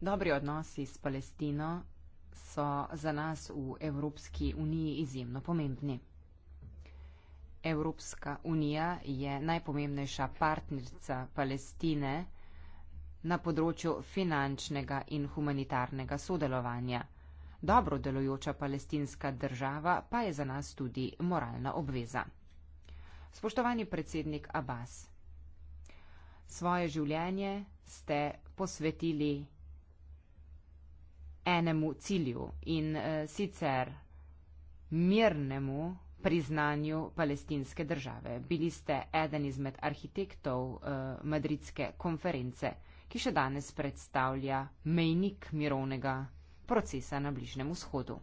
Dobri odnosi s Palestino so za nas v Evropski uniji izjemno pomembni. Evropska unija je najpomembnejša partnerica Palestine na področju finančnega in humanitarnega sodelovanja. Dobro delujoča palestinska država pa je za nas tudi moralna obveza. Spoštovani predsednik Abbas, svoje življenje ste posvetili enemu cilju in eh, sicer mirnemu priznanju palestinske države. Bili ste eden izmed arhitektov eh, Madridske konference, ki še danes predstavlja mejnik mirovnega procesa na Bližnem vzhodu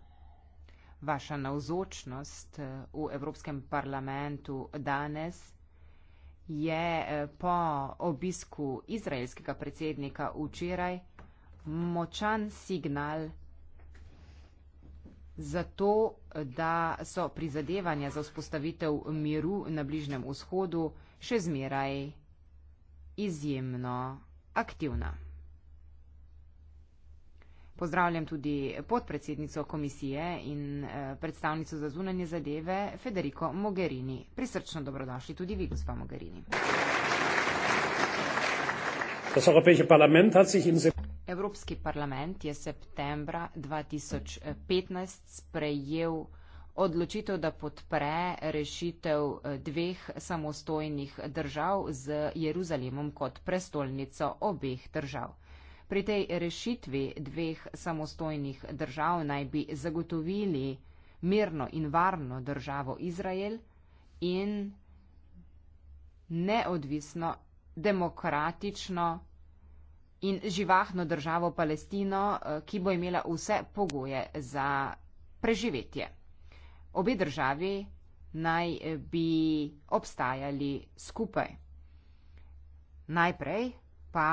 vaša navzočnost eh, v Evropskem parlamentu danes je eh, po obisku izraelskega predsednika včeraj močan signal za to, da so prizadevanja za vzpostavitev miru na Bližnem vzhodu še zmeraj izjemno aktivna. Pozdravljam tudi podpredsednico komisije in eh, predstavnico za zunanje zadeve Federico Mogherini. Prisrčno dobrodošli tudi vi, gospa Mogherini. Evropski parlament je septembra 2015 sprejel odločitev, da podpre rešitev eh, dveh samostojnih držav z Jeruzalemom kot prestolnico obeh držav. Pri tej rešitvi dveh samostojnih držav naj bi zagotovili mirno in varno državo Izrael in neodvisno, demokratično in živahno državo Palestino, eh, ki bo imela vse pogoje za preživetje. Obe državi naj eh, bi obstajali skupaj. Najprej pa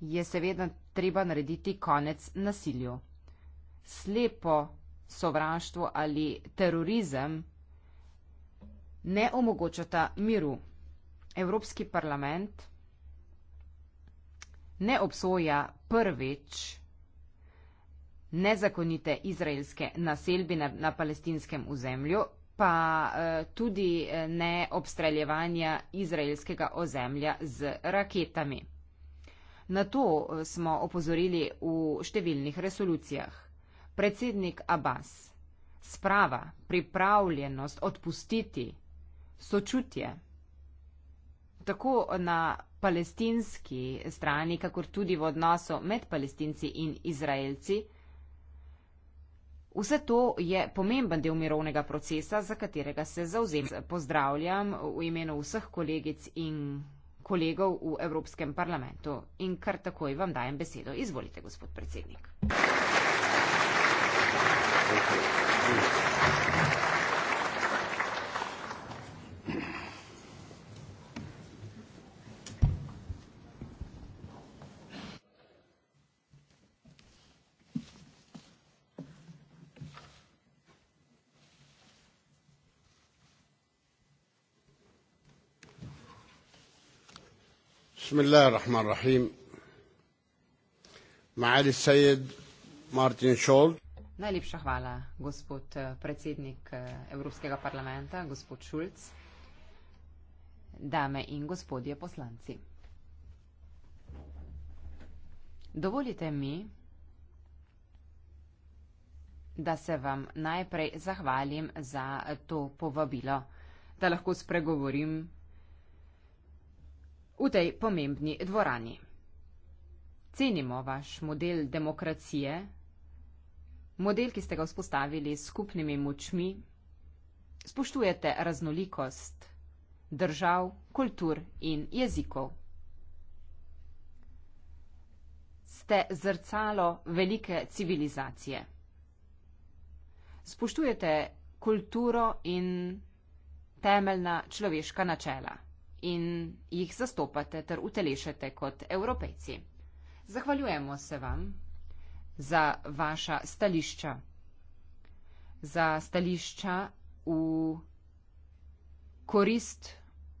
je seveda treba narediti konec nasilju. Slepo sovraštvo ali terorizem ne omogočata miru. Evropski parlament ne obsoja prvič nezakonite izraelske naselbine na palestinskem ozemlju, pa eh, tudi eh, ne obstreljevanja izraelskega ozemlja z raketami. Na to eh, smo opozorili v številnih resolucijah. Predsednik Abbas, sprava, pripravljenost odpustiti, sočutje. Tako na palestinski strani, kakor tudi v odnosu med palestinci in izraelci, vse to je pomemben del mirovnega procesa, za katerega se zauzemam. Pozdravljam v imenu vseh kolegic in kolegov v Evropskem parlamentu. In kar takoj vam dajem besedo. Izvolite, gospod predsednik. Thank you. Thank you. بسم الله الرحمن الرحيم معالي السيد مارتن شول Najlepša hvala, gospod eh, predsednik eh, Evropskega parlamenta, gospod Šulc, dame in gospodje poslanci. Dovolite mi, da se vam najprej zahvalim za to povabilo, da lahko spregovorim v tej pomembni dvorani. Cenimo vaš model demokracije, model, ki ste ga vzpostavili s skupnimi močmi, spoštujete raznolikost držav, kultur in jezikov. Ste zrcalo velike civilizacije. Spoštujete kulturo in temeljna človeška načela in jih zastopate ter utelešate kot evropejci. Zahvaljujemo se vam za vaša stališča, za stališča v korist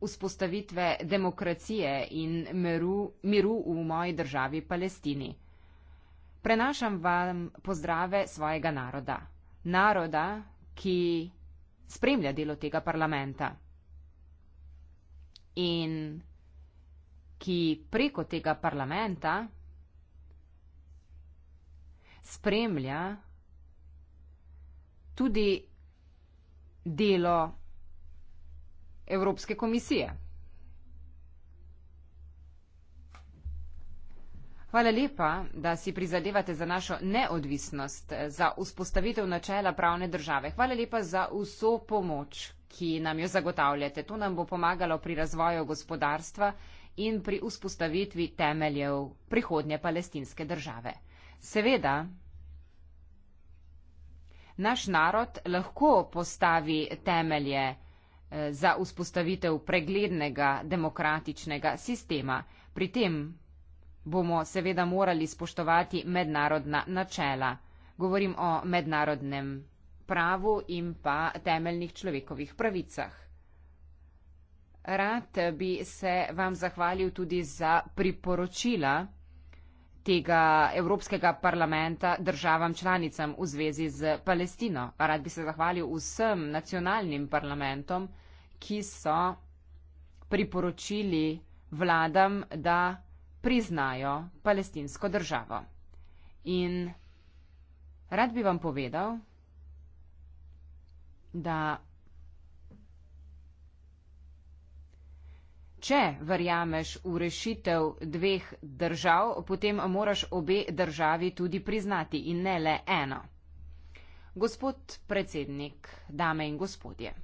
vzpostavitve demokracije in miru, miru v moji državi Palestini. Prenašam vam pozdrave svojega naroda, naroda, ki spremlja delo tega parlamenta in ki preko tega parlamenta spremlja tudi delo Evropske komisije. Hvala lepa, da si prizadevate za našo neodvisnost, za vzpostavitev načela pravne države. Hvala lepa za vso pomoč, ki nam jo zagotavljate. To nam bo pomagalo pri razvoju gospodarstva in pri vzpostavitvi temeljev prihodnje palestinske države. Seveda, naš narod lahko postavi temelje eh, za vzpostavitev preglednega demokratičnega sistema. Pri tem bomo seveda morali spoštovati mednarodna načela. Govorim o mednarodnem pravu in pa temeljnih človekovih pravicah. Rad bi se vam zahvalil tudi za priporočila tega Evropskega parlamenta državam članicam v zvezi z Palestino. Rad bi se zahvalil vsem nacionalnim parlamentom, ki so priporočili vladam, da priznajo palestinsko državo. In rad bi vam povedal, da če verjameš v rešitev dveh držav, potem moraš obe državi tudi priznati in ne le eno. Gospod predsednik, dame in gospodje.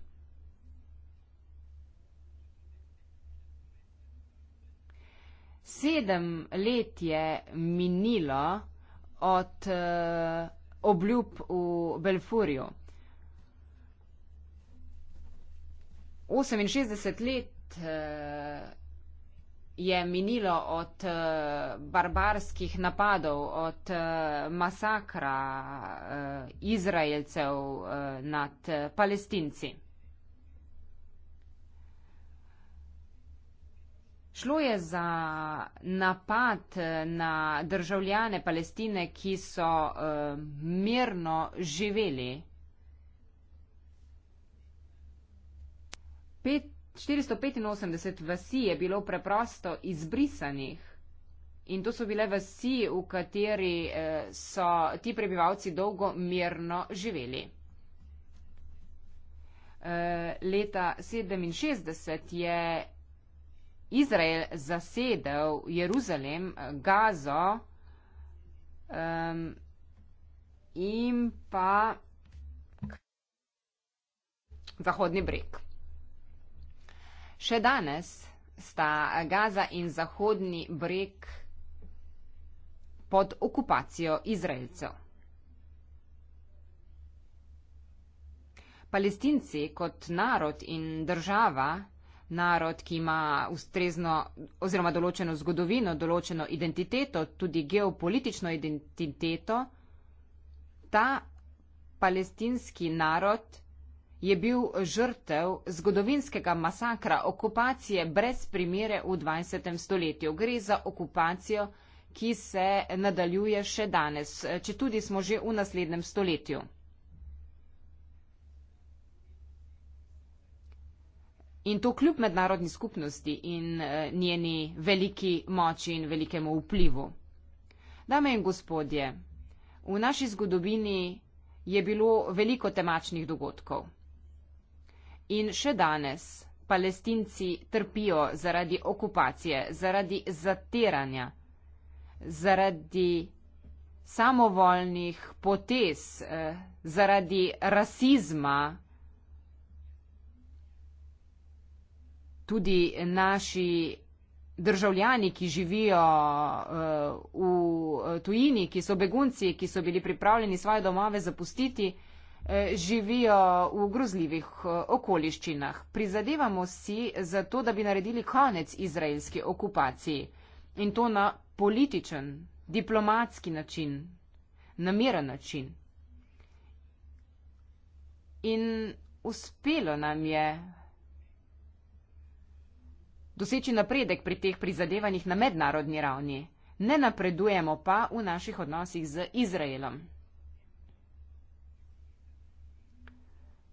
sedem let je minilo od uh, obljub v Belfurju. 68 let uh, je minilo od uh, barbarskih napadov, od uh, masakra uh, Izraelcev uh, nad uh, Palestinci. Šlo je za napad na državljane Palestine, ki so uh, mirno živeli. 485 vasi je bilo preprosto izbrisanih in to so bile vasi, v kateri eh, so ti prebivalci dolgo mirno živeli. Eh, leta 67 je Izrael zasedel Jeruzalem, Gazo um, in pa Zahodni breg. Še danes sta Gaza in Zahodni breg pod okupacijo Izraelcev. Palestinci kot narod in država narod, ki ima ustrezno oziroma določeno zgodovino, določeno identiteto, tudi geopolitično identiteto, ta palestinski narod je bil žrtev zgodovinskega masakra, okupacije brez primere v 20. stoletju. Gre za okupacijo, ki se nadaljuje še danes, če tudi smo že v naslednjem stoletju. In to kljub mednarodni skupnosti in eh, njeni veliki moči in velikemu vplivu. Dame in gospodje, v naši zgodovini je bilo veliko temačnih dogodkov. In še danes palestinci trpijo zaradi okupacije, zaradi zatiranja, zaradi samovoljnih potez, eh, zaradi rasizma tudi naši državljani, ki živijo eh, v tujini, ki so begunci, ki so bili pripravljeni svoje domove zapustiti, eh, živijo v grozljivih eh, okoliščinah. Prizadevamo si za to, da bi naredili konec izraelski okupaciji in to na političen, diplomatski način, na miren način. In uspelo nam je doseči napredek pri teh prizadevanjih na mednarodni ravni, ne napredujemo pa v naših odnosih z Izraelom.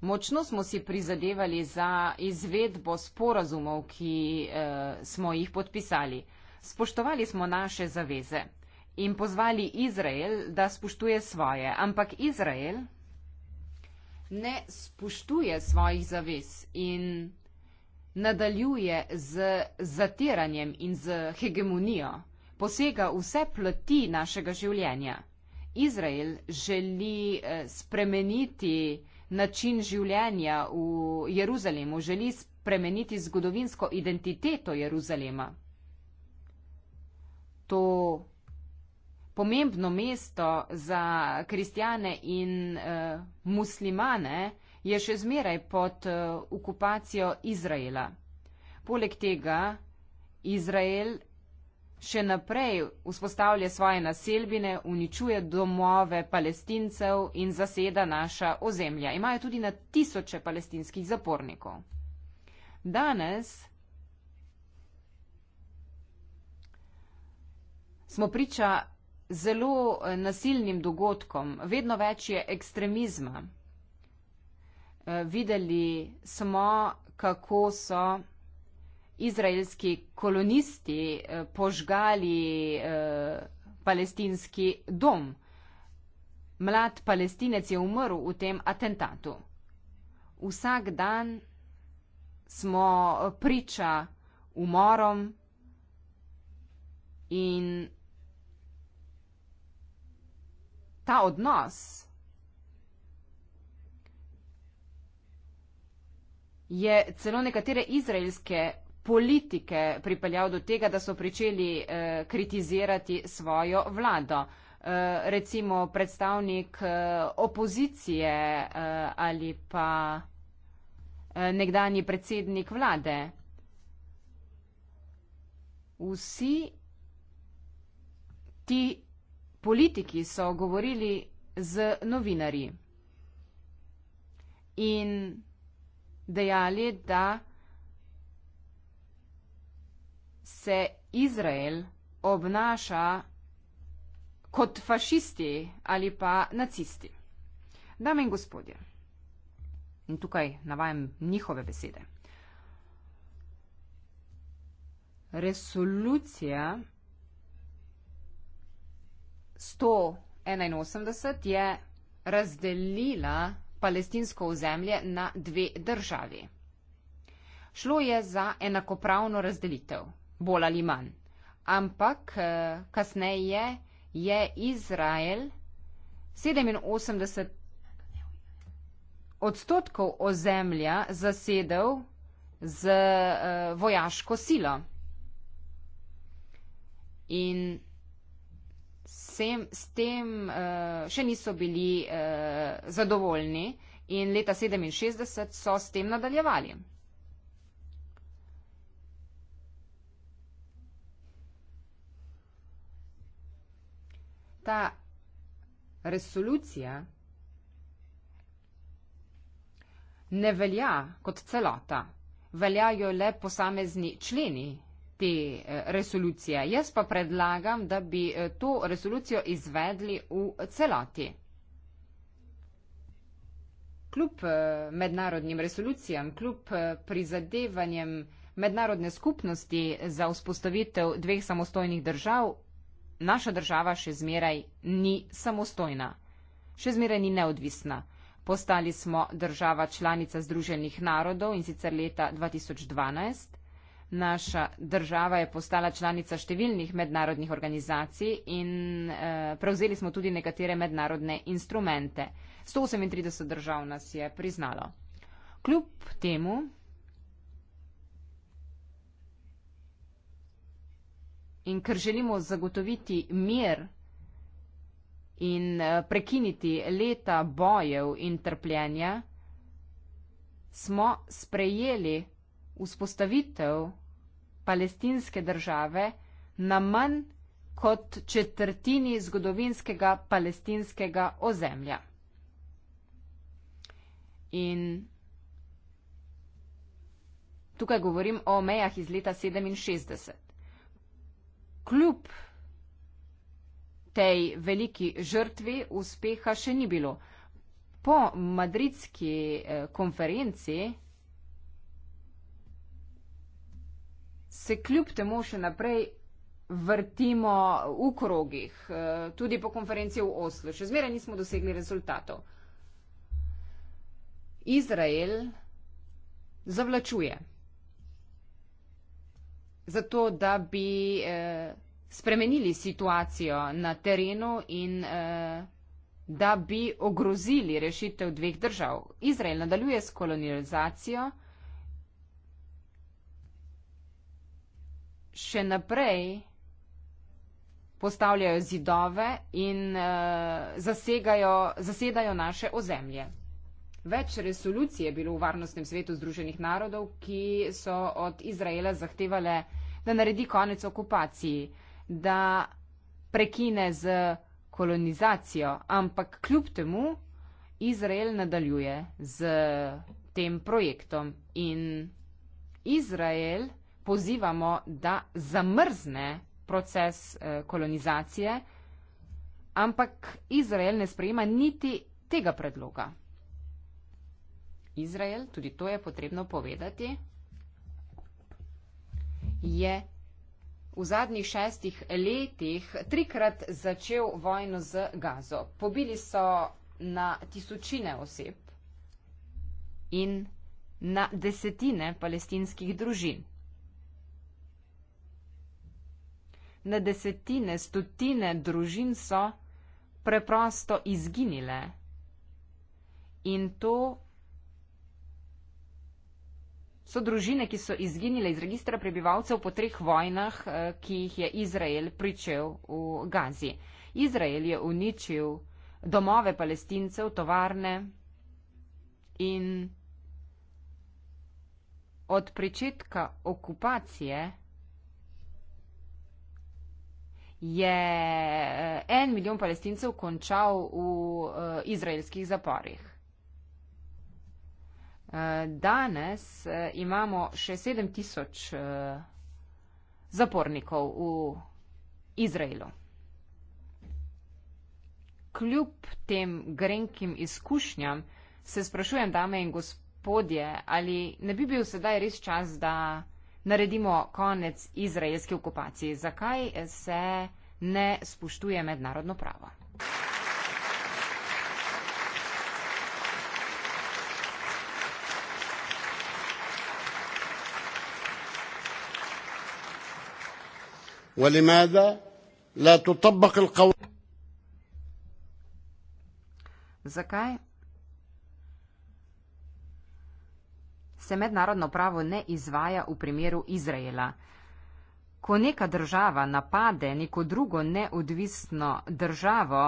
Močno smo si prizadevali za izvedbo sporazumov, ki e, smo jih podpisali. Spoštovali smo naše zaveze in pozvali Izrael, da spoštuje svoje. Ampak Izrael ne spoštuje svojih zavez in nadaljuje z zatiranjem in z hegemonijo, posega vse plati našega življenja. Izrael želi eh, spremeniti način življenja v Jeruzalemu, želi spremeniti zgodovinsko identiteto Jeruzalema. To pomembno mesto za kristjane in uh, muslimane je še zmeraj pod eh, okupacijo Izraela. Poleg tega Izrael še naprej vzpostavlja svoje naselbine, uničuje domove palestincev in zaseda naša ozemlja. Imajo tudi na tisoče palestinskih zapornikov. Danes smo priča zelo eh, nasilnim dogodkom, vedno več je ekstremizma. Eh, videli smo, kako so izraelski kolonisti eh, požgali eh, palestinski dom. Mlad palestinec je umrl v tem atentatu. Vsak dan smo priča umorom in ta odnos, je celo nekatere izraelske politike pripeljal do tega, da so pričeli eh, kritizirati svojo vlado. Eh, recimo predstavnik eh, opozicije eh, ali pa eh, nekdani predsednik vlade. Vsi ti politiki so govorili z novinari. In dejali, da se Izrael obnaša kot fašisti ali pa nacisti. Dame in gospodje, in tukaj navajam njihove besede. Resolucija 181 je razdelila palestinsko ozemlje na dve državi. Šlo je za enakopravno razdelitev, bolj ali manj, ampak eh, kasneje je Izrael 87 odstotkov ozemlja zasedel z eh, vojaško silo. In predvsem s tem uh, še niso bili uh, zadovoljni in leta 67 so s tem nadaljevali. Ta resolucija ne velja kot celota, veljajo le posamezni členi te eh, resolucije. Jaz pa predlagam, da bi eh, to resolucijo izvedli v celoti. Kljub eh, mednarodnim resolucijam, kljub prizadevanjem mednarodne skupnosti za vzpostavitev dveh samostojnih držav, naša država še zmeraj ni samostojna, še zmeraj ni neodvisna. Postali smo država članica Združenih narodov in sicer leta 2012, Naša država je postala članica številnih mednarodnih organizacij in eh, prevzeli smo tudi nekatere mednarodne instrumente. 138 držav nas je priznalo. Kljub temu in ker želimo zagotoviti mir in eh, prekiniti leta bojev in trpljenja, smo sprejeli vzpostavitev palestinske države na manj kot četrtini zgodovinskega palestinskega ozemlja. In tukaj govorim o mejah iz leta 67. Kljub tej veliki žrtvi uspeha še ni bilo. Po madridski eh, konferenci se kljub temu še naprej vrtimo v krogih, eh, tudi po konferenci v Oslu. Še zmeraj nismo dosegli rezultatov. Izrael zavlačuje. Zato, da bi eh, spremenili situacijo na terenu in eh, da bi ogrozili rešitev dveh držav. Izrael nadaljuje s kolonizacijo. še naprej postavljajo zidove in eh, zasedajo naše ozemlje. Več resolucij je bilo v Varnostnem svetu Združenih narodov, ki so od Izraela zahtevale, da naredi konec okupaciji, da prekine z kolonizacijo, ampak kljub temu Izrael nadaljuje z tem projektom. In Izrael pozivamo, da zamrzne proces eh, kolonizacije, ampak Izrael ne sprejema niti tega predloga. Izrael, tudi to je potrebno povedati, je v zadnjih šestih letih trikrat začel vojno z gazo. Pobili so na tisočine oseb in na desetine palestinskih družin. na desetine, stotine družin so preprosto izginile. In to so družine, ki so izginile iz registra prebivalcev po treh vojnah, eh, ki jih je Izrael pričel v Gazi. Izrael je uničil domove palestincev, tovarne in od pričetka okupacije je eh, en milijon palestincev končal v eh, izraelskih zaporih. Eh, danes imamo še 7 tisoč zapornikov v Izraelu. Kljub tem grenkim izkušnjam se sprašujem, dame in gospodje, ali ne bi bil sedaj res čas, da naredimo konec izraelski okupaciji. Zakaj se ne spoštuje mednarodno pravo? Zakaj se mednarodno pravo ne izvaja v primeru Izraela. Ko neka država napade neko drugo neodvisno državo,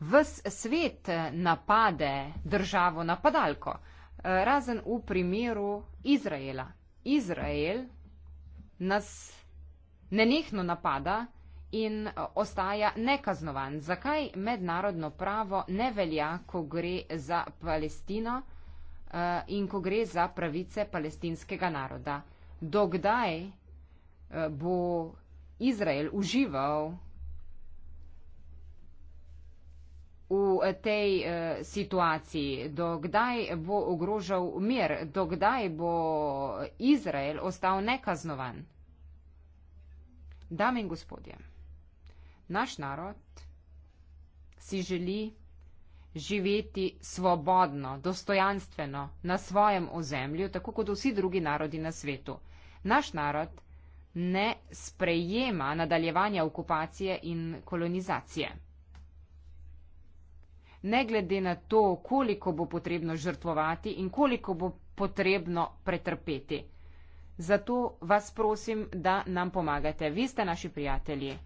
ves svet napade državo napadalko, eh, razen v primeru Izraela. Izrael nas nenehno napada in eh, ostaja nekaznovan. Zakaj mednarodno pravo ne velja, ko gre za Palestino? Eh, in ko gre za pravice palestinskega naroda. Dokdaj eh, bo Izrael užival v eh, tej situaciji, dokdaj bo ogrožal mir, dokdaj bo Izrael ostal nekaznovan. Dame in gospodje, naš narod si želi, živeti svobodno, dostojanstveno na svojem ozemlju, tako kot vsi drugi narodi na svetu. Naš narod ne sprejema nadaljevanja okupacije in kolonizacije. Ne glede na to, koliko bo potrebno žrtvovati in koliko bo potrebno pretrpeti. Zato vas prosim, da nam pomagate. Vi ste naši prijatelji.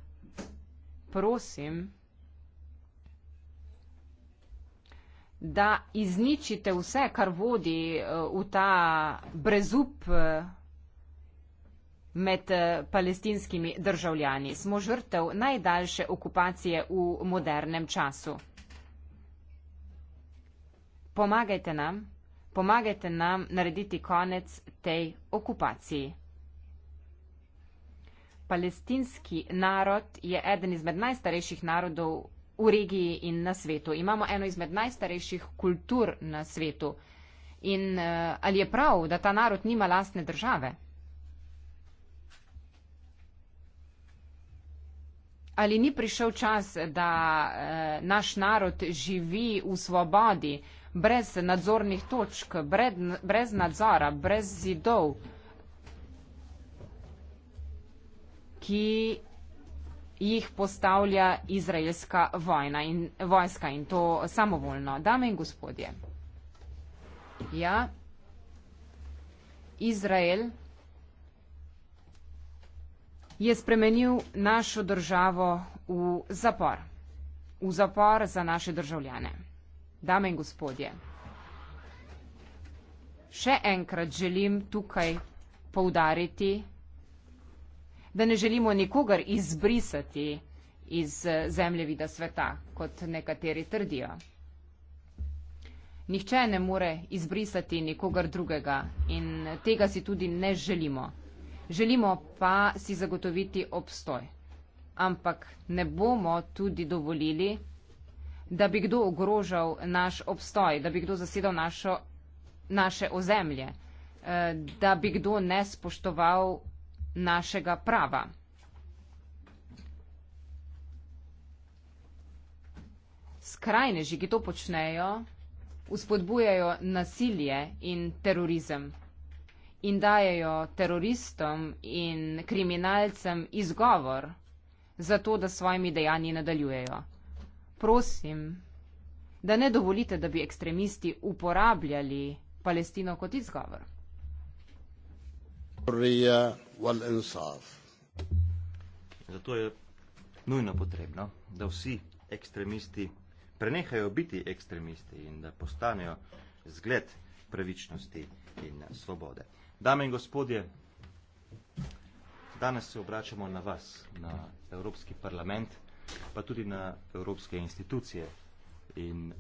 Prosim. da izničite vse, kar vodi eh, v ta brezup eh, med eh, palestinskimi državljani. Smo žrtev najdaljše okupacije v modernem času. Pomagajte nam, pomagajte nam narediti konec tej okupaciji. Palestinski narod je eden izmed najstarejših narodov v regiji in na svetu. Imamo eno izmed najstarejših kultur na svetu. In eh, ali je prav, da ta narod nima lastne države? Ali ni prišel čas, da eh, naš narod živi v svobodi, brez nadzornih točk, brez, brez nadzora, brez zidov, ki jih postavlja izraelska vojna in vojska in to samovoljno. Dame in gospodje, ja, Izrael je spremenil našo državo v zapor, v zapor za naše državljane. Dame in gospodje, še enkrat želim tukaj poudariti, da ne želimo nikogar izbrisati iz eh, zemljevida sveta, kot nekateri trdijo. Nihče ne more izbrisati nikogar drugega in tega si tudi ne želimo. Želimo pa si zagotoviti obstoj. Ampak ne bomo tudi dovolili, da bi kdo ogrožal naš obstoj, da bi kdo zasedal našo, naše ozemlje, eh, da bi kdo nespoštoval našega prava. Skrajneži, ki to počnejo, uspodbujajo nasilje in terorizem in dajejo teroristom in kriminalcem izgovor za to, da svojimi dejanji nadaljujejo. Prosim, da ne dovolite, da bi ekstremisti uporabljali Palestino kot izgovor. Hrvija val ensav. Zato je nujno potrebno, da vsi ekstremisti prenehajo biti ekstremisti in da postanejo zgled pravičnosti in svobode. Dame in gospodje, danes se obračamo na vas, na Evropski parlament, pa tudi na Evropske institucije in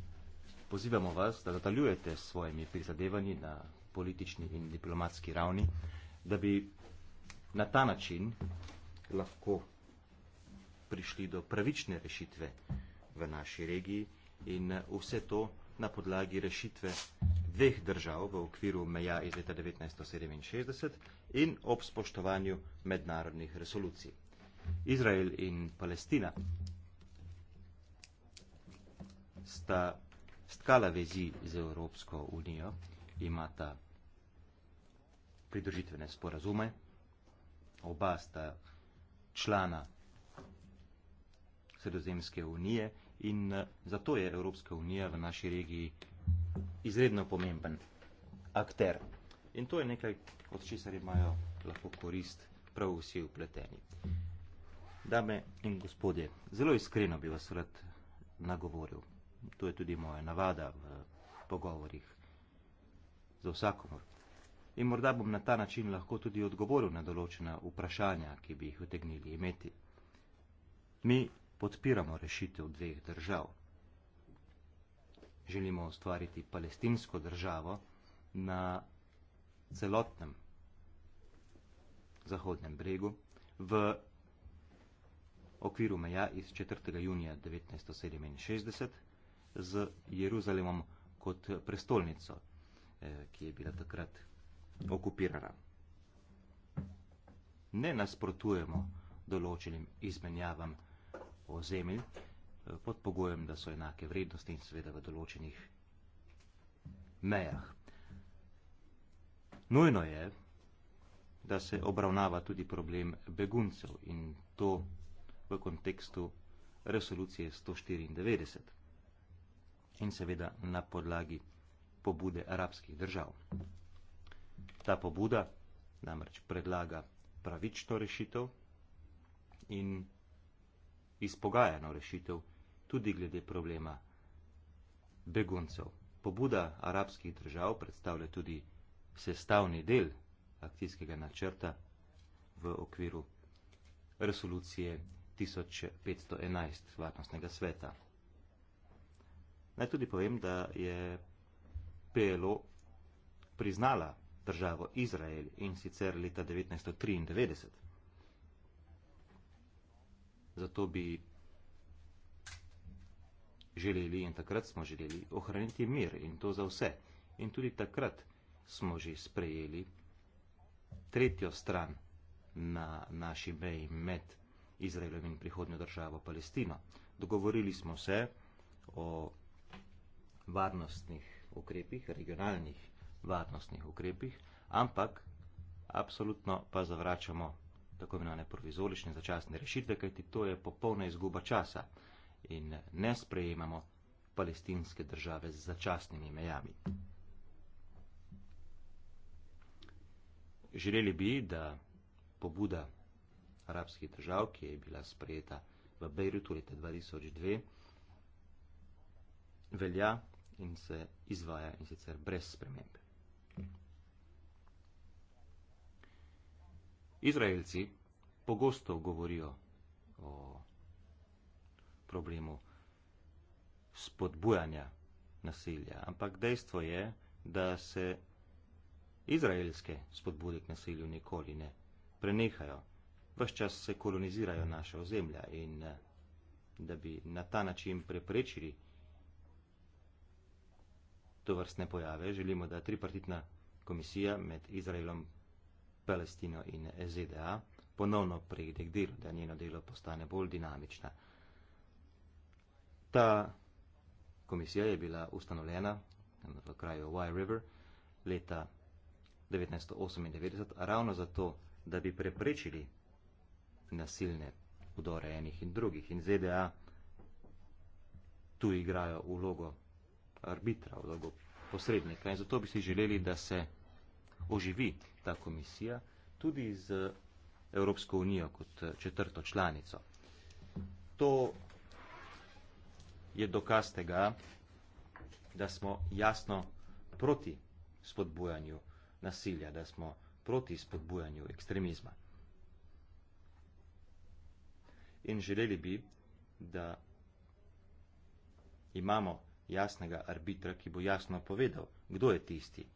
pozivamo vas, da nadaljujete s svojimi prizadevanji na politični in diplomatski ravni, da bi na ta način lahko prišli do pravične rešitve v naši regiji in eh, vse to na podlagi rešitve dveh držav v okviru meja iz leta 1967 in ob spoštovanju mednarodnih resolucij. Izrael in Palestina sta stkala vezi z Evropsko unijo, imata pridružitvene sporazume. Oba sta člana sredozemske unije in eh, zato je Evropska unija v naši regiji izredno pomemben akter. In to je nekaj, od česar imajo lahko korist prav vsi upleteni. Dame in gospodje, zelo iskreno bi vas rad nagovoril. To je tudi moja navada v pogovorih za vsakomor, in morda bom na ta način lahko tudi odgovoril na določena vprašanja, ki bi jih utegnili imeti. Mi podpiramo rešitev dveh držav. Želimo ustvariti palestinsko državo na celotnem zahodnem bregu v okviru meja iz 4. junija 1967 z Jeruzalemom kot prestolnico, eh, ki je bila takrat okupirala. Ne nasprotujemo določenim izmenjavam ozemelj eh, pod pogojem, da so enake vrednosti in seveda v določenih mejah. Nujno je, da se obravnava tudi problem beguncev in to v kontekstu resolucije 194 in seveda na podlagi pobude arabskih držav. Ta pobuda namreč predlaga pravično rešitev in izpogajano rešitev tudi glede problema beguncev. Pobuda arabskih držav predstavlja tudi sestavni del akcijskega načrta v okviru resolucije 1511 Varnostnega sveta. Naj tudi povem, da je PLO priznala državo Izrael in sicer leta 1993. Zato bi želeli in takrat smo želeli ohraniti mir in to za vse. In tudi takrat smo že sprejeli tretjo stran na naši meji med Izraelom in prihodnjo državo Palestino. Dogovorili smo se o varnostnih ukrepih, regionalnih varnostnih ukrepih, ampak absolutno pa zavračamo tako imenovane provizorične začasne rešitve, kajti to je popolna izguba časa in ne sprejemamo palestinske države z začasnimi mejami. Želeli bi, da pobuda arabskih držav, ki je bila sprejeta v Beirutu leta 2002, velja in se izvaja in sicer brez spremembe. Izraelci pogosto govorijo o problemu spodbujanja nasilja, ampak dejstvo je, da se izraelske spodbude k nasilju nikoli ne prenehajo. Ves čas se kolonizirajo naše ozemlja in eh, da bi na ta način preprečili to vrstne pojave, želimo, da tripartitna komisija med Izraelom Palestino in ZDA, ponovno pride k delu, da njeno delo postane bolj dinamična. Ta komisija je bila ustanovljena v kraju Y River leta 1998, ravno zato, da bi preprečili nasilne udore enih in drugih. In ZDA tu igrajo vlogo arbitra, vlogo posrednika. In zato bi si želeli, da se oživi ta komisija tudi z Evropsko unijo kot eh, četrto članico. To je dokaz tega, da smo jasno proti spodbujanju nasilja, da smo proti spodbujanju ekstremizma. In želeli bi, da imamo jasnega arbitra, ki bo jasno povedal, kdo je tisti,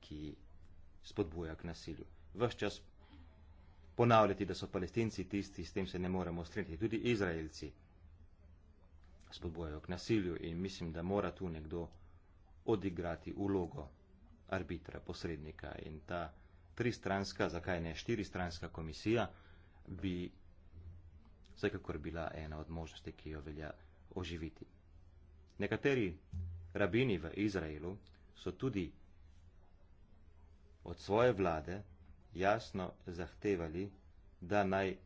ki spodbuja k nasilju. Ves čas ponavljati, da so palestinci tisti, s tem se ne moremo strinjati. Tudi izraelci spodbujajo k nasilju in mislim, da mora tu nekdo odigrati ulogo arbitra, posrednika in ta tristranska, zakaj ne štiristranska komisija bi vsekakor bila ena od možnosti, ki jo velja oživiti. Nekateri rabini v Izraelu so tudi od svoje vlade jasno zahtevali, da naj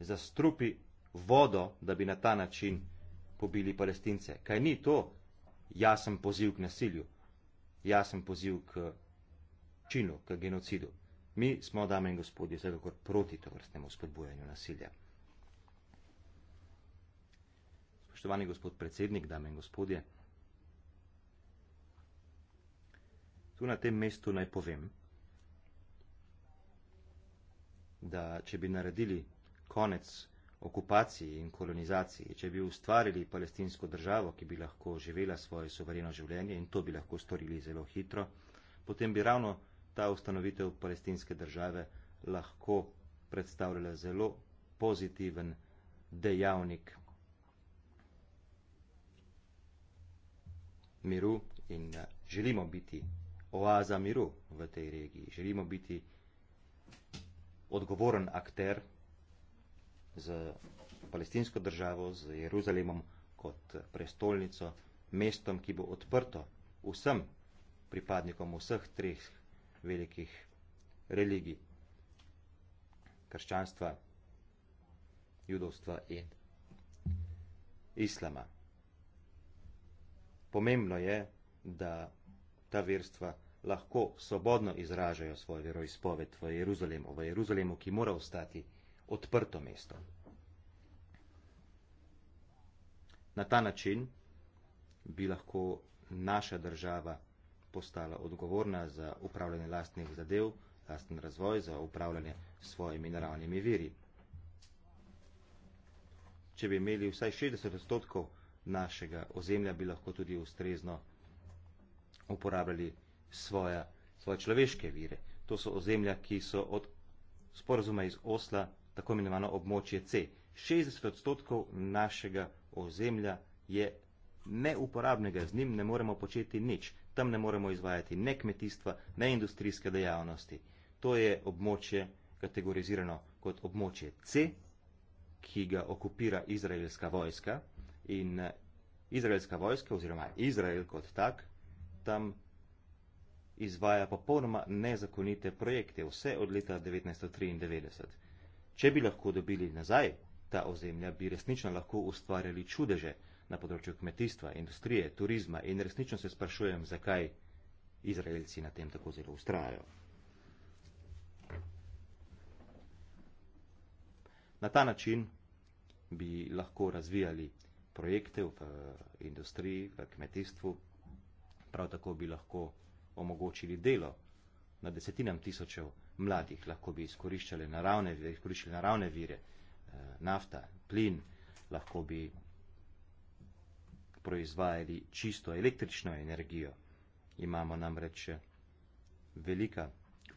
zastrupi vodo, da bi na ta način pobili palestince. Kaj ni to jasen poziv k nasilju, jasen poziv k činu, k genocidu? Mi smo, dame in gospodje, vsekakor proti to vrstnemu spodbujanju nasilja. Spoštovani gospod predsednik, dame in gospodje, tu na tem mestu naj povem, da če bi naredili konec okupaciji in kolonizaciji, če bi ustvarili palestinsko državo, ki bi lahko živela svoje suvereno življenje in to bi lahko storili zelo hitro, potem bi ravno ta ustanovitev palestinske države lahko predstavljala zelo pozitiven dejavnik miru in eh, želimo biti oaza miru v tej regiji. Želimo biti odgovoren akter z palestinsko državo, z Jeruzalemom kot prestolnico, mestom, ki bo odprto vsem pripadnikom vseh treh velikih religij, krščanstva, judovstva in islama. Pomembno je, da ta verstva lahko svobodno izražajo svojo veroizpoved v Jeruzalemu, v Jeruzalemu, ki mora ostati odprto mesto. Na ta način bi lahko naša država postala odgovorna za upravljanje lastnih zadev, lasten razvoj, za upravljanje svojimi naravnimi viri. Če bi imeli vsaj 60 odstotkov našega ozemlja, bi lahko tudi ustrezno uporabljali svoja, svoje človeške vire. To so ozemlja, ki so od sporazuma iz Osla, tako imenovano območje C. 60 odstotkov našega ozemlja je neuporabnega, z njim ne moremo početi nič. Tam ne moremo izvajati ne kmetijstva, ne industrijske dejavnosti. To je območje kategorizirano kot območje C, ki ga okupira izraelska vojska in eh, izraelska vojska oziroma Izrael kot tak tam izvaja popolnoma nezakonite projekte, vse od leta 1993. Če bi lahko dobili nazaj ta ozemlja, bi resnično lahko ustvarjali čudeže na področju kmetijstva, industrije, turizma in resnično se sprašujem, zakaj Izraelci na tem tako zelo ustrajajo. Na ta način bi lahko razvijali projekte v industriji, v kmetijstvu, prav tako bi lahko omogočili delo na desetinam tisočev mladih, lahko bi izkoriščali naravne, izkoriščali naravne vire, eh, nafta, plin, lahko bi proizvajali čisto električno energijo. Imamo namreč velika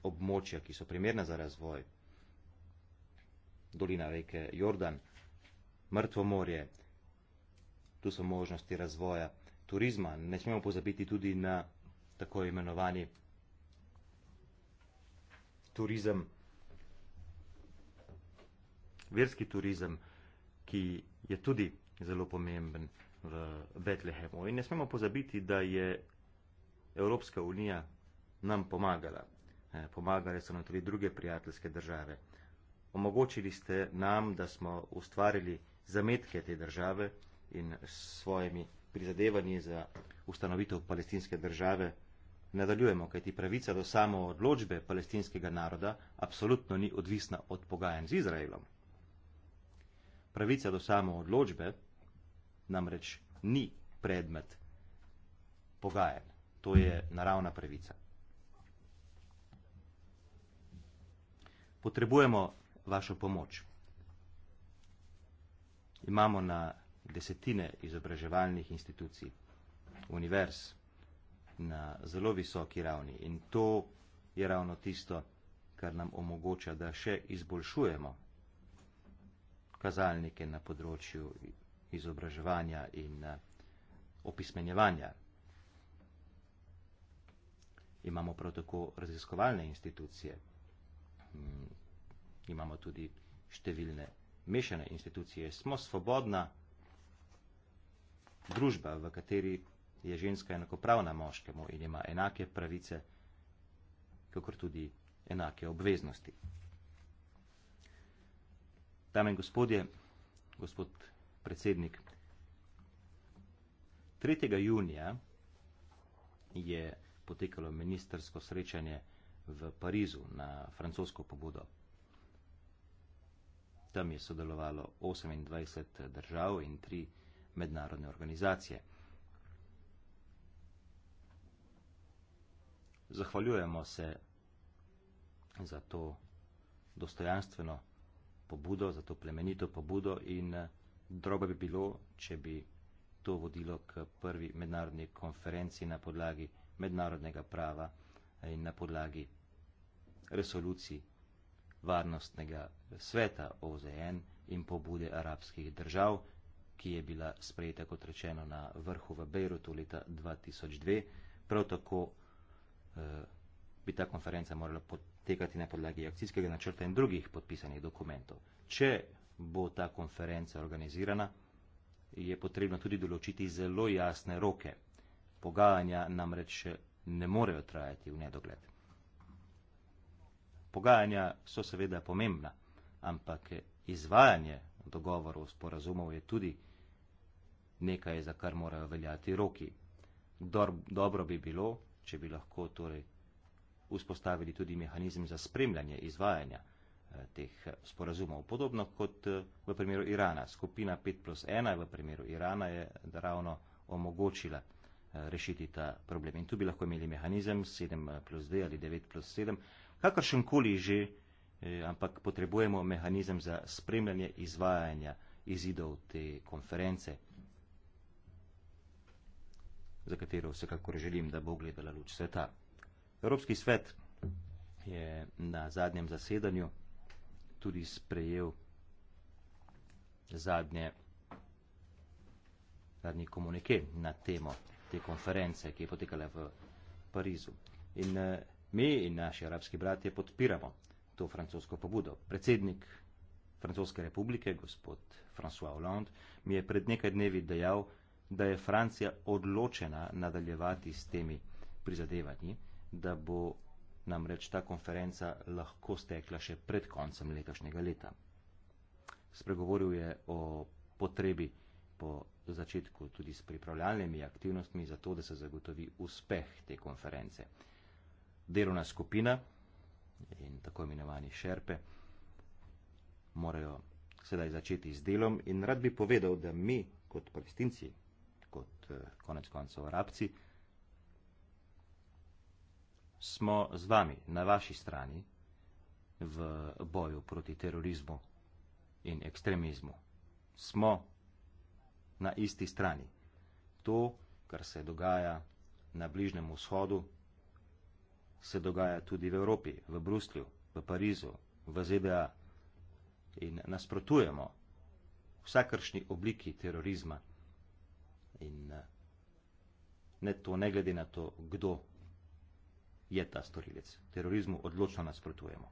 območja, ki so primerna za razvoj. Dolina reke Jordan, Mrtvo morje, tu so možnosti razvoja turizma. Ne smemo pozabiti tudi na tako imenovani turizem, verski turizem, ki je tudi zelo pomemben v Betlehemu. In ne smemo pozabiti, da je Evropska unija nam pomagala. E, pomagale so nam tudi druge prijateljske države. Omogočili ste nam, da smo ustvarili zametke te države in s svojimi prizadevanji za ustanovitev palestinske države nadaljujemo, kajti pravica do samoodločbe palestinskega naroda apsolutno ni odvisna od pogajanj z Izraelom. Pravica do samoodločbe namreč ni predmet pogajanj. To je naravna pravica. Potrebujemo vašo pomoč. Imamo na desetine izobraževalnih institucij, univerz na zelo visoki ravni in to je ravno tisto, kar nam omogoča, da še izboljšujemo kazalnike na področju izobraževanja in eh, opismenjevanja. Imamo prav tako raziskovalne institucije, mm, imamo tudi številne mešane institucije, smo svobodna, družba, v kateri je ženska enakopravna moškemu in ima enake pravice, kakor tudi enake obveznosti. Dame in gospodje, gospod predsednik, 3. junija je potekalo ministersko srečanje v Parizu na francosko pobudo. Tam je sodelovalo 28 držav in 3 mednarodne organizacije. Zahvaljujemo se za to dostojanstveno pobudo, za to plemenito pobudo in eh, droga bi bilo, če bi to vodilo k prvi mednarodni konferenci na podlagi mednarodnega prava in na podlagi resoluciji varnostnega sveta OZN in pobude arabskih držav, ki je bila sprejeta, kot rečeno, na vrhu v Bejrutu leta 2002. Prav tako eh, bi ta konferenca morala potekati na podlagi akcijskega načrta in drugih podpisanih dokumentov. Če bo ta konferenca organizirana, je potrebno tudi določiti zelo jasne roke. Pogajanja namreč ne morejo trajati v nedogled. Pogajanja so seveda pomembna, ampak izvajanje dogovorov, sporazumov je tudi nekaj, za kar morajo veljati roki. Dor, dobro bi bilo, če bi lahko torej vzpostavili tudi mehanizem za spremljanje izvajanja eh, teh eh, sporazumov. Podobno kot eh, v primeru Irana. Skupina 5 plus 1 v primeru Irana je ravno omogočila rešiti ta problem. In tu bi lahko imeli mehanizem 7 plus 2 ali 9 plus 7, kakršen koli že, ampak potrebujemo mehanizem za spremljanje izvajanja izidov te konference za katero vsekakor želim, da bo gledala luč sveta. Evropski svet je na zadnjem zasedanju tudi sprejel zadnje zadnji komunike na temo te konference, ki je potekala v Parizu. In eh, mi in naši arabski bratje podpiramo to francosko pobudo. Predsednik Francoske republike, gospod François Hollande, mi je pred nekaj dnevi dejal, da je Francija odločena nadaljevati s temi prizadevanji, da bo namreč ta konferenca lahko stekla še pred koncem letošnjega leta. Spregovoril je o potrebi po začetku tudi s pripravljalnimi aktivnostmi za to, da se zagotovi uspeh te konference. Delovna skupina in tako imenovani šerpe morajo sedaj začeti z delom in rad bi povedal, da mi kot palestinci kot eh, konec koncev rabci, smo z vami na vaši strani v boju proti terorizmu in ekstremizmu. Smo na isti strani. To, kar se dogaja na Bližnem vzhodu, se dogaja tudi v Evropi, v Bruslju, v Parizu, v ZDA. In nasprotujemo vsakršni obliki terorizma. In eh, ne to, ne glede na to, kdo je ta storilec. Terorizmu odločno nasprotujemo.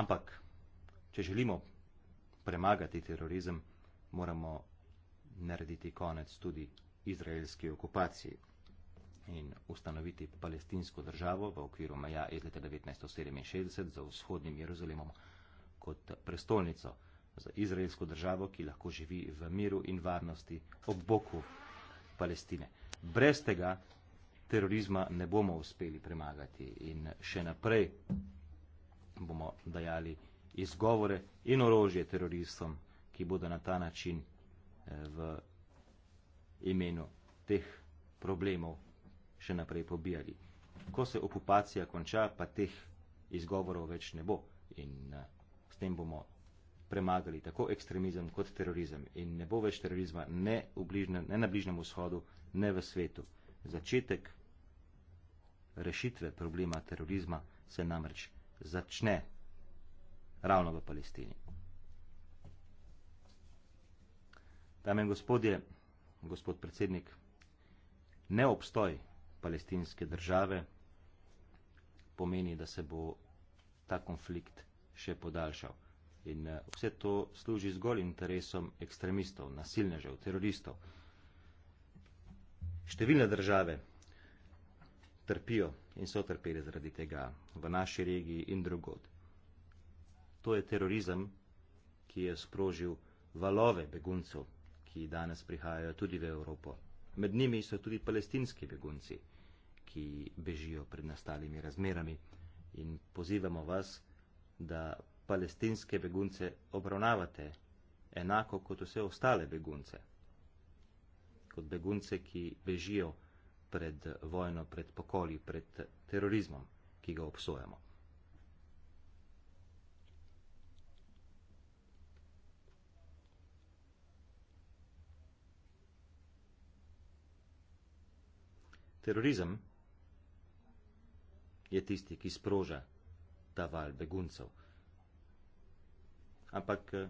Ampak, če želimo premagati terorizem, moramo narediti konec tudi izraelski okupaciji in ustanoviti palestinsko državo v okviru meja iz leta 1967 za vzhodnim Jeruzalemom kot prestolnico za izraelsko državo, ki lahko živi v miru in varnosti ob boku Palestine. Brez tega terorizma ne bomo uspeli premagati in še naprej bomo dajali izgovore in orožje teroristom, ki bodo na ta način eh, v imenu teh problemov še naprej pobijali. Ko se okupacija konča, pa teh izgovorov več ne bo in eh, s tem bomo premagali tako ekstremizem kot terorizem in ne bo več terorizma ne, v bližnem, ne na bližnjem vzhodu, ne v svetu. Začetek rešitve problema terorizma se namreč začne ravno v Palestini. Dame in gospodje, gospod predsednik, neobstoj palestinske države pomeni, da se bo ta konflikt še podaljšal. In eh, vse to služi zgolj interesom ekstremistov, nasilnežev, teroristov. Številne države trpijo in so trpeli zaradi tega v naši regiji in drugod. To je terorizem, ki je sprožil valove beguncov ki danes prihajajo tudi v Evropo. Med njimi so tudi palestinski begunci, ki bežijo pred nastalimi razmerami in pozivamo vas, da palestinske begunce obravnavate enako kot vse ostale begunce. Kot begunce, ki bežijo pred vojno, pred pokoli, pred terorizmom, ki ga obsojamo. Terorizem je tisti, ki sproža ta val beguncev. Ampak eh,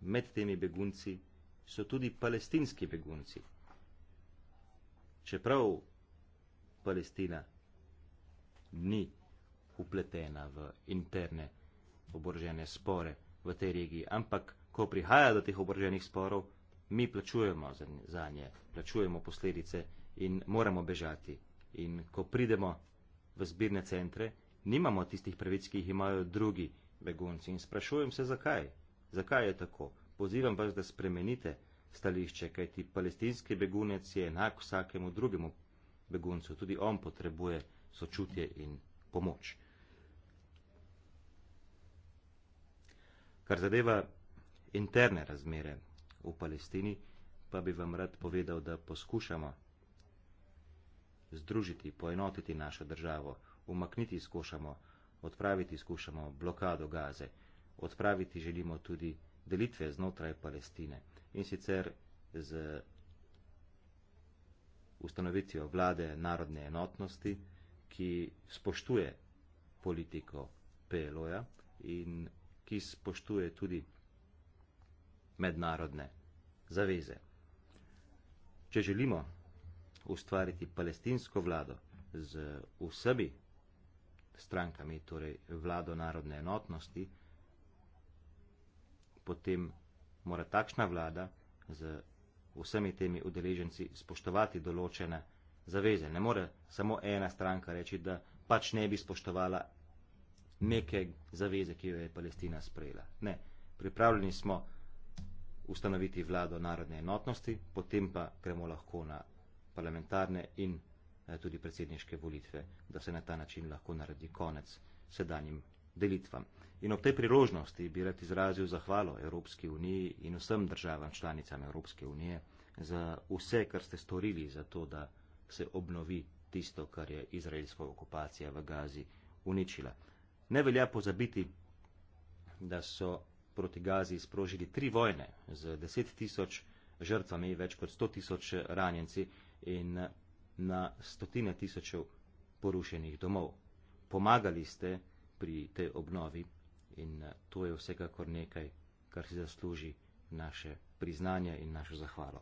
med temi begunci so tudi palestinski begunci. Čeprav Palestina ni upletena v interne oborožene spore v tej regiji, ampak ko prihaja do teh oborženih sporov, mi plačujemo za nje, plačujemo posledice in moramo bežati. In ko pridemo v zbirne centre, nimamo tistih pravic, ki jih imajo drugi begunci. In sprašujem se, zakaj? Zakaj je tako? Pozivam vas, da spremenite stališče, kajti palestinski begunec je enak vsakemu drugemu beguncu. Tudi on potrebuje sočutje in pomoč. Kar zadeva interne razmere v Palestini, pa bi vam rad povedal, da poskušamo združiti, poenotiti našo državo, umakniti skušamo, odpraviti skušamo blokado Gaze, odpraviti želimo tudi delitve znotraj Palestine in sicer z ustanovitvijo vlade narodne enotnosti, ki spoštuje politiko PLO-ja in ki spoštuje tudi mednarodne zaveze. Če želimo, ustvariti palestinsko vlado z vsemi strankami, torej vlado narodne enotnosti, potem mora takšna vlada z vsemi temi udeleženci spoštovati določene zaveze. Ne more samo ena stranka reči, da pač ne bi spoštovala neke zaveze, ki jo je Palestina sprejela. Ne, pripravljeni smo ustanoviti vlado narodne enotnosti, potem pa gremo lahko na parlamentarne in eh, tudi predsedniške volitve, da se na ta način lahko naredi konec sedanjim delitvam. In ob tej priložnosti bi rad izrazil zahvalo Evropski uniji in vsem državam članicam Evropske unije za vse, kar ste storili za to, da se obnovi tisto, kar je izraelska okupacija v Gazi uničila. Ne velja pozabiti, da so proti Gazi sprožili tri vojne z deset tisoč žrtvami, več kot sto tisoč ranjenci, in na stotine tisočev porušenih domov. Pomagali ste pri tej obnovi in eh, to je vsekakor nekaj, kar si zasluži naše priznanje in našo zahvalo.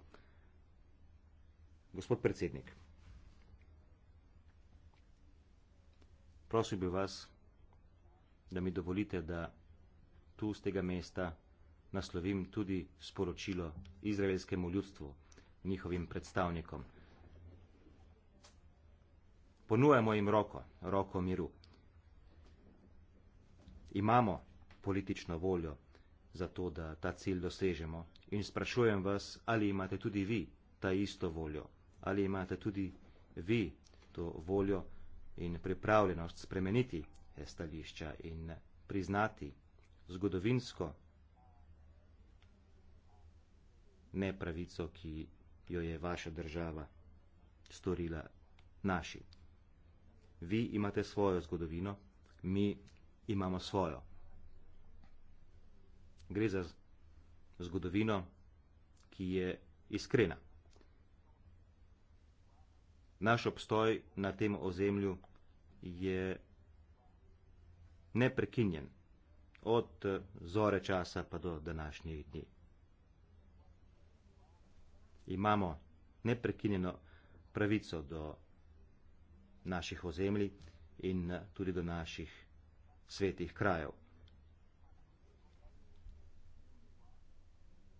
Gospod predsednik, prosim bi vas, da mi dovolite, da tu z tega mesta naslovim tudi sporočilo izraelskemu ljudstvu, njihovim predstavnikom ponujamo jim roko, roko miru. Imamo politično voljo za to, da ta cilj dosežemo in sprašujem vas, ali imate tudi vi ta isto voljo, ali imate tudi vi to voljo in pripravljenost spremeniti eh, stališča in priznati zgodovinsko nepravico, ki jo je vaša država storila naši. Vi imate svojo zgodovino, mi imamo svojo. Gre za zgodovino, ki je iskrena. Naš obstoj na tem ozemlju je neprekinjen od eh, zore časa pa do današnjih dni. Imamo neprekinjeno pravico do naših ozemlji in eh, tudi do naših svetih krajev.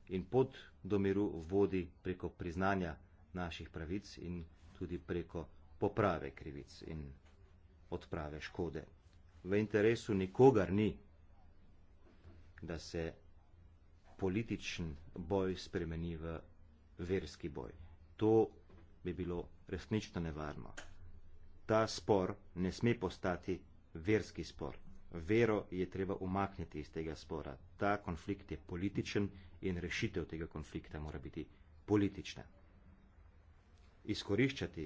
In pot do miru vodi preko priznanja naših pravic in tudi preko poprave krivic in odprave škode. V interesu nikogar ni, da se političen boj spremeni v verski boj. To bi bilo resnično nevarno ta spor ne sme postati verski spor. Vero je treba umakniti iz tega spora. Ta konflikt je političen in rešitev tega konflikta mora biti politična. Izkoriščati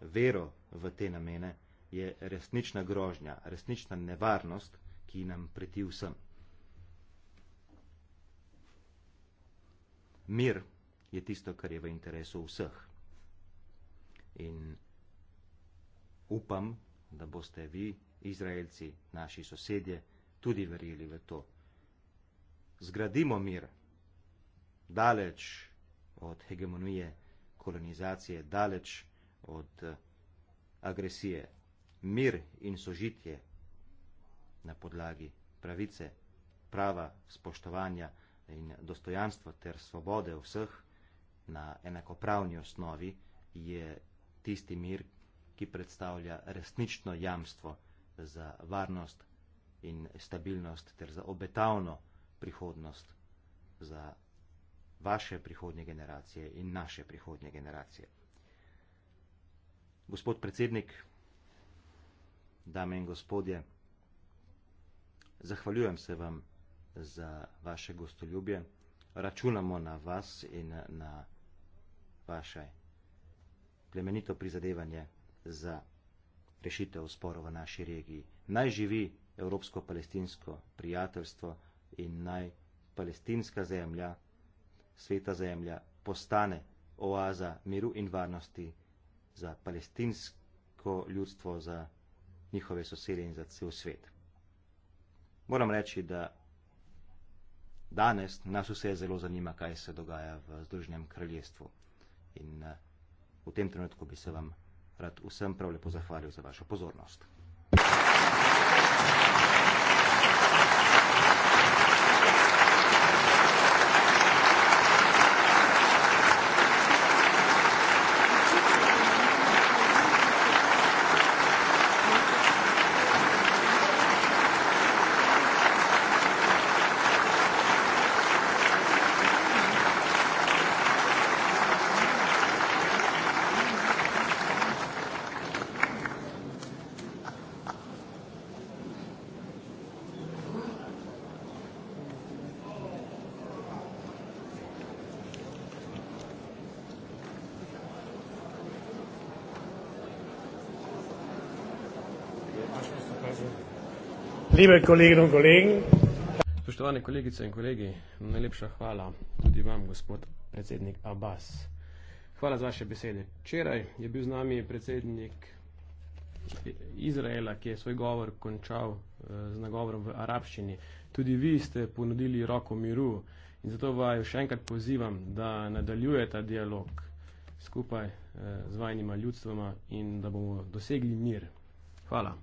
vero v te namene je resnična grožnja, resnična nevarnost, ki nam preti vsem. Mir je tisto, kar je v interesu vseh. In upam, da boste vi, Izraelci, naši sosedje, tudi verjeli v to. Zgradimo mir, daleč od hegemonije, kolonizacije, daleč od eh, agresije. Mir in sožitje na podlagi pravice, prava, spoštovanja in dostojanstva ter svobode vseh na enakopravni osnovi je tisti mir, ki predstavlja resnično jamstvo za varnost in stabilnost ter za obetavno prihodnost za vaše prihodnje generacije in naše prihodnje generacije. Gospod predsednik, dame in gospodje, zahvaljujem se vam za vaše gostoljubje, računamo na vas in na vaše plemenito prizadevanje za rešitev sporov v naši regiji. Naj živi evropsko-palestinsko prijateljstvo in naj palestinska zemlja, sveta zemlja, postane oaza miru in varnosti za palestinsko ljudstvo, za njihove sosede in za cel svet. Moram reči, da danes nas vse zelo zanima, kaj se dogaja v Združenem kraljestvu. In eh, v tem trenutku bi se vam rad vsem prav lepo zahvalil za vašo pozornost. Liebe Kolleginnen und Kollegen, Spoštovane kolegice in kolegi, najlepša hvala tudi vam, gospod predsednik Abbas. Hvala za vaše besede. Včeraj je bil z nami predsednik Izraela, ki je svoj govor končal eh, z nagovorom v arabščini. Tudi vi ste ponudili roko miru in zato vaju še enkrat pozivam, da nadaljujete dialog skupaj eh, z vajnima ljudstvoma in da bomo dosegli mir. Hvala.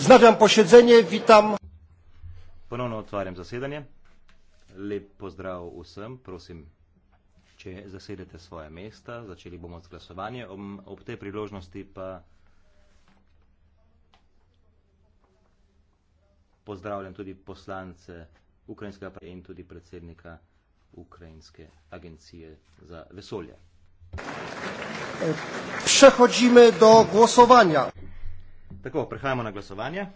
Znavljam posjedzenje, witam. Ponovno otvarjam zasedanje. Lep pozdrav vsem, prosim, če zasedete svoje mesta, začeli bomo z glasovanje. Ob, ob tej priložnosti pa pozdravljam tudi poslance ukrajinskega in tudi predsednika Ukrajinske agencije za vesolje. Przechodzimy do głosowania. Tako, prehajamo na glasovanje.